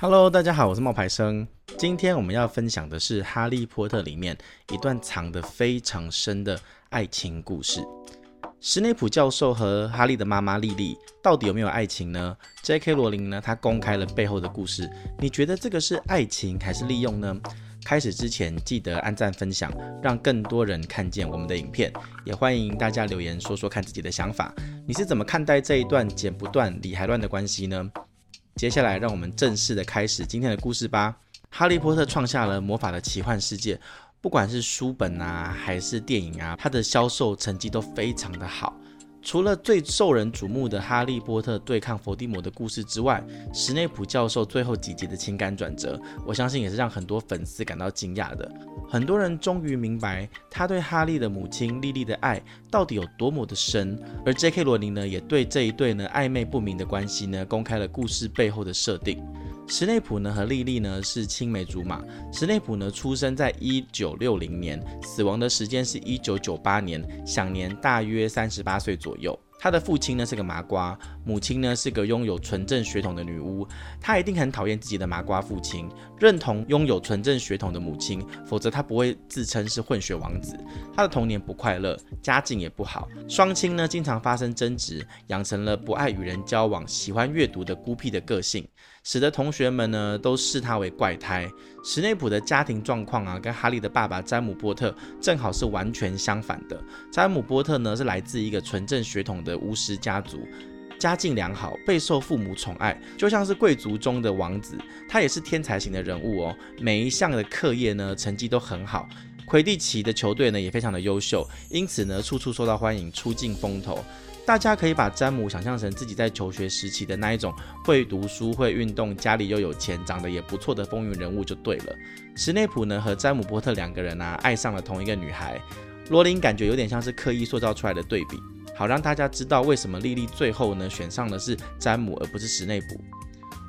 Hello，大家好，我是冒牌生。今天我們要分享的是《哈利波特》裡面一段藏得非常深的愛情故事。史內普教授和哈利的媽媽莉莉到底有沒有愛情呢？J.K. 羅琳呢？她公開了背後的故事。你覺得這個是愛情還是利用呢？開始之前，記得按讚分享，讓更多人看見我們的影片。也歡迎大家留言說說看自己的想法。你是怎麼看待這一段剪不斷、理還亂的關係呢？接下來，讓我們正式的開始今天的故事吧。《哈利波特》創下了魔法的奇幻世界，不管是書本啊，還是電影啊，它的銷售成績都非常的好。除了最受人矚目的哈利波特對抗伏地魔的故事之外，史內普教授最後幾集的情感轉折，我相信也是讓很多粉絲感到驚訝的。很多人終於明白他對哈利的母親莉莉的愛到底有多麼的深。而 J.K. 羅琳呢，也對這一對呢曖昧不明的關係呢，公開了故事背後的設定。史內普呢和莉莉呢是青梅竹馬。史內普呢出生在一九六零年，死亡的時間是一九九八年，享年大約三十八歲左右。他的父親呢是個麻瓜，母親呢是個擁有純正血統的女巫。他一定很討厭自己的麻瓜父親，認同擁有純正血統的母親，否則他不會自稱是混血王子。他的童年不快樂，家境也不好，雙親呢經常發生爭執，養成了不愛與人交往、喜歡閱讀的孤僻的個性。使得同學們呢都視他為怪胎。史內普的家庭狀況啊，跟哈利的爸爸詹姆·波特正好是完全相反的。詹姆·波特呢是來自一個純正血統的巫師家族，家境良好，備受父母寵愛，就像是貴族中的王子。他也是天才型的人物哦，每一項的課業呢成績都很好，魁地奇的球隊呢也非常的優秀，因此呢處處受到歡迎，出盡風頭。大家可以把詹姆想象成自己在求學時期的那一種會讀書，會運動，家裡又有錢，長得也不錯的風雲人物就對了。史內普呢和詹姆波特兩個人啊，愛上了同一個女孩。羅琳感覺有點像是刻意塑造出來的對比，好讓大家知道為什麼莉莉最後呢選上的是詹姆而不是史內普。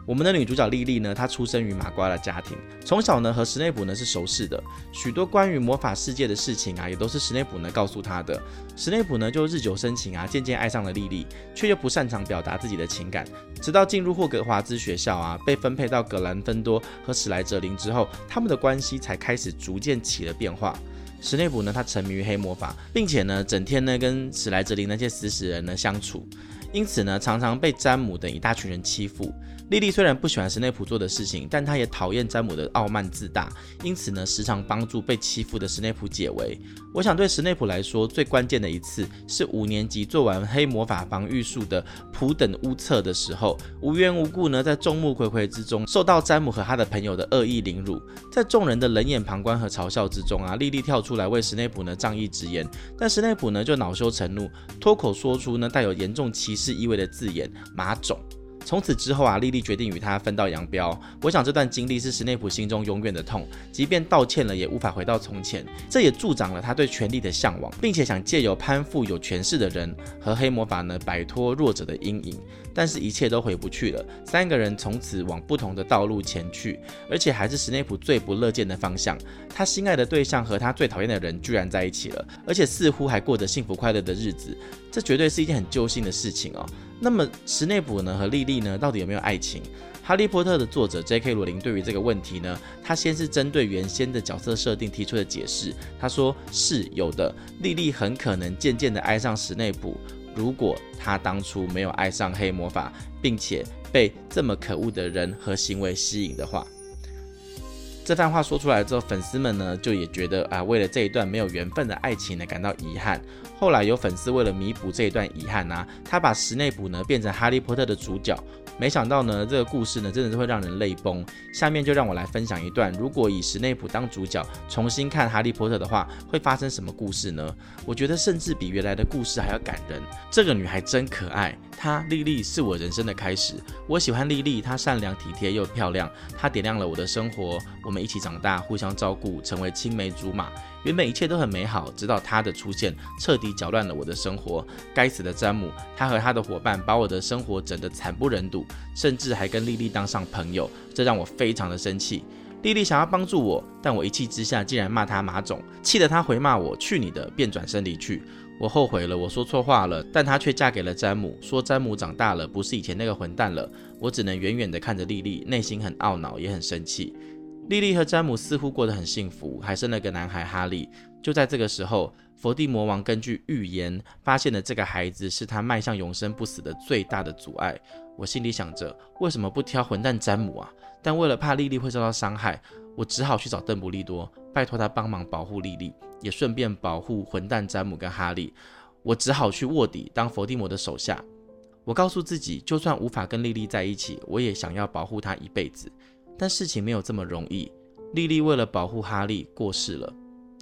我們的女主角莉莉呢，她出生於麻瓜的家庭，從小呢和石內卜呢是熟識的，許多關於魔法世界的事情啊，也都是石內卜呢告訴她的。石內卜呢就日久生情啊，漸漸愛上了莉莉，卻又不擅長表達自己的情感。直到進入霍格華茲學校啊，被分配到格蘭芬多和史萊哲林之後，他們的關係才開始逐漸起了變化。石內卜呢，他沉迷於黑魔法，並且呢，整天呢跟史萊哲林那些食死人呢相處。因此呢，常常被詹姆等一大群人欺負。莉莉雖然不喜歡史內普做的事情，但她也討厭詹姆的傲慢自大，因此呢，時常幫助被欺負的史內普解圍。我想對史內普來說，最關鍵的一次是五年級做完黑魔法防禦術的普等巫測的時候，無緣無故呢，在眾目睽睽之中受到詹姆和他的朋友的惡意凌辱，在眾人的冷眼旁觀和嘲笑之中啊，莉莉跳出來為史內普呢仗義執言，但史內普呢就惱羞成怒，脫口說出呢帶有嚴重歧視，是意味的字眼，馬腫從此之後啊，莉莉決定與他分道揚鑣。我想這段經歷是史內普心中永遠的痛，即便道歉了，也無法回到從前。這也助長了他對權力的向往，並且想借由攀附有權勢的人和黑魔法呢，擺脫弱者的陰影。但是一切都回不去了。三個人從此往不同的道路前去，而且還是史內普最不樂見的方向。他心愛的對象和他最討厭的人居然在一起了，而且似乎還過着幸福快樂的日子。這絕對是一件很揪心的事情哦。那麼石內卜呢，和莉莉呢，到底有沒有愛情？《哈利波特》的作者 J.K. 羅琳對於這個問題呢，他先是針對原先的角色設定提出了解釋。他說是有的，莉莉很可能漸漸的愛上石內卜，如果他當初沒有愛上黑魔法，並且被這麼可惡的人和行為吸引的話。這番話說出來之後，粉絲們呢就也覺得啊，為了這一段沒有緣分的愛情呢感到遺憾。後來有粉絲為了彌補這一段遺憾呢、啊，他把石內卜呢變成哈利波特的主角。沒想到呢，這個故事呢，真的是會讓人淚崩。下面就讓我來分享一段，如果以史內普當主角重新看《哈利波特》的話，會發生什麼故事呢？我覺得甚至比原來的故事還要感人。這個女孩真可愛，她莉莉是我人生的開始。我喜歡莉莉，她善良體貼又漂亮，她點亮了我的生活。我們一起長大，互相照顧，成為青梅竹馬。原本一切都很美好，直到他的出現徹底攪亂了我的生活。該死的詹姆，他和他的夥伴把我的生活整得慘不忍睹，甚至還跟莉莉當上朋友，這讓我非常的生氣。莉莉想要幫助我，但我一氣之下竟然罵她麻種，氣得她回罵我去你的，便轉身離去。我後悔了，我說錯話了，但她卻嫁給了詹姆，說詹姆長大了，不是以前那個混蛋了。我只能遠遠地看着莉莉，內心很懊惱，也很生氣。莉莉和詹姆似乎過得很幸福，還生了個男孩哈利。就在這個時候，佛地魔王根據預言發現了這個孩子是他邁向永生不死的最大的阻礙。我心裡想着，為什麼不挑混蛋詹姆啊？但為了怕莉莉會受到傷害，我只好去找鄧布利多，拜托他幫忙保護莉莉，也順便保護混蛋詹姆跟哈利。我只好去臥底當佛地魔的手下。我告訴自己，就算無法跟莉莉在一起，我也想要保護她一輩子。但事情沒有這麼容易，莉莉為了保護哈利過世了。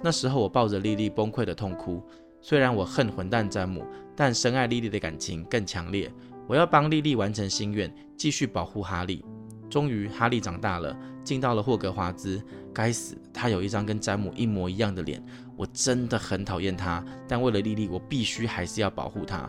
那時候我抱着莉莉崩潰的痛哭。雖然我恨混蛋詹姆，但深愛莉莉的感情更強烈。我要幫莉莉完成心願，繼續保護哈利。終於哈利長大了，進到了霍格華茲。該死，他有一張跟詹姆一模一樣的臉。我真的很討厭他，但為了莉莉，我必須還是要保護他。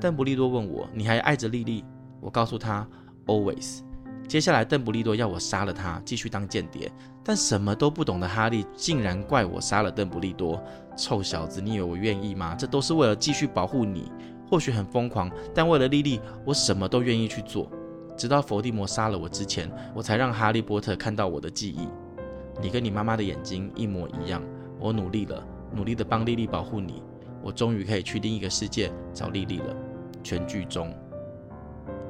鄧布利多問我，你還愛着莉莉？我告訴他，Always。接下來，鄧布利多要我殺了他，繼續當間諜。但什麼都不懂的哈利竟然怪我殺了鄧布利多！臭小子，你以為我願意嗎？這都是為了繼續保護你。或許很瘋狂，但為了莉莉，我什麼都願意去做。直到伏地魔殺了我之前，我才讓哈利波特看到我的記憶。你跟你媽媽的眼睛一模一樣。我努力了，努力的幫莉莉保護你。我終於可以去另一個世界找莉莉了。全劇終。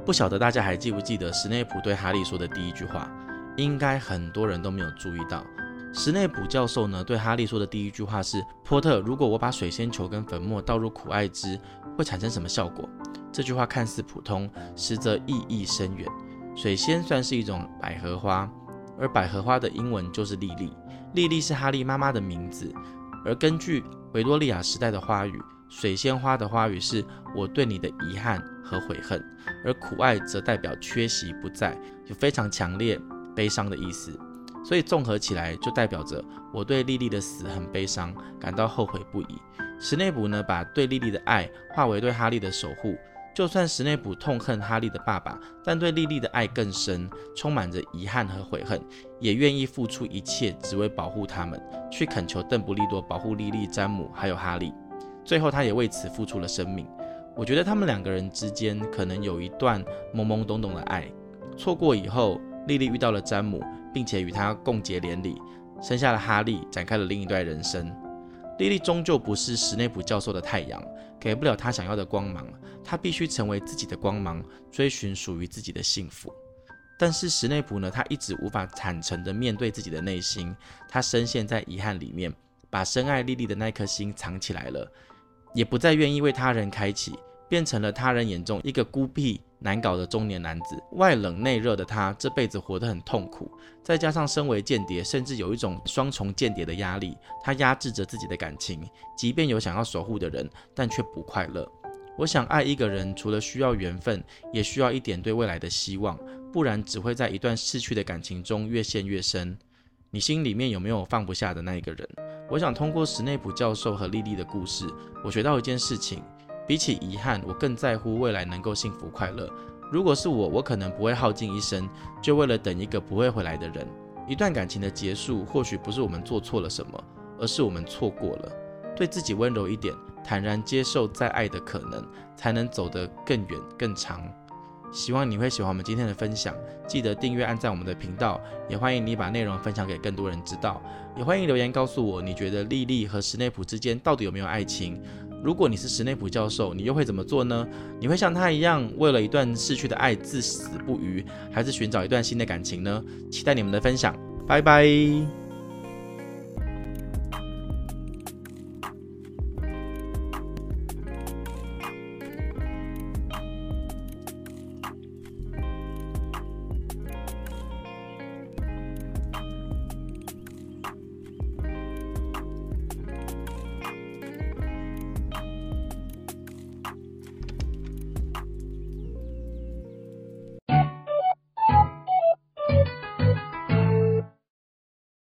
不曉得大家還記不記得史內普對哈利說的第一句話，應該很多人都沒有注意到。史內普教授呢對哈利說的第一句話是：“波特，如果我把水仙球跟粉末倒入苦艾汁，會產生什麼效果？”這句話看似普通，實則意義深遠。水仙算是一種百合花，而百合花的英文就是莉莉。莉莉是哈利媽媽的名字。而根據維多利亞時代的花語，水仙花的花語是我對你的遺憾和悔恨，而苦愛則代表缺席不在，有非常強烈悲傷的意思，所以綜合起來就代表着我對莉莉的死很悲傷，感到後悔不已。石內卜呢，把對莉莉的愛化為對哈利的守護，就算石內卜痛恨哈利的爸爸，但對莉莉的愛更深，充滿着遺憾和悔恨，也願意付出一切，只為保護他們，去懇求鄧布利多保護莉莉、詹姆還有哈利。最後，他也為此付出了生命。我覺得他們兩個人之間可能有一段懵懵懂懂的愛，錯過以後，莉莉遇到了詹姆，並且與他共結連理，生下了哈利，展開了另一段人生。莉莉終究不是石內卜教授的太陽，給不了他想要的光芒，她必須成為自己的光芒，追尋屬於自己的幸福。但是石內卜呢？他一直無法坦誠地面對自己的內心，他深陷在遺憾裡面，把深愛莉莉的那顆心藏起來了，也不再願意為他人開啟。變成了他人眼中一個孤僻、難搞的中年男子，外冷內熱的他這輩子活得很痛苦，再加上身為間諜，甚至有一種雙重間諜的壓力，他壓制着自己的感情，即便有想要守護的人，但卻不快樂。我想愛一個人，除了需要緣分，也需要一點對未來的希望，不然只會在一段逝去的感情中越陷越深。你心裡面有沒有放不下的那一個人？我想通過石內卜教授和莉莉的故事，我學到一件事情。比起遺憾，我更在乎未來能夠幸福快樂。如果是我，我可能不會耗盡一生，就為了等一個不會回來的人。一段感情的結束，或許不是我們做錯了什麼，而是我們錯過了。對自己溫柔一點，坦然接受再愛的可能，才能走得更遠，更長。希望你會喜歡我們今天的分享，記得訂閱、按讚我們的頻道，也歡迎你把內容分享給更多人知道。也歡迎留言告訴我，你覺得莉莉和石內卜之間到底有沒有愛情？如果你是史內普教授，你又會怎麼做呢？你會像他一樣為了一段逝去的愛至死不渝，還是尋找一段新的感情呢？期待你們的分享，拜拜。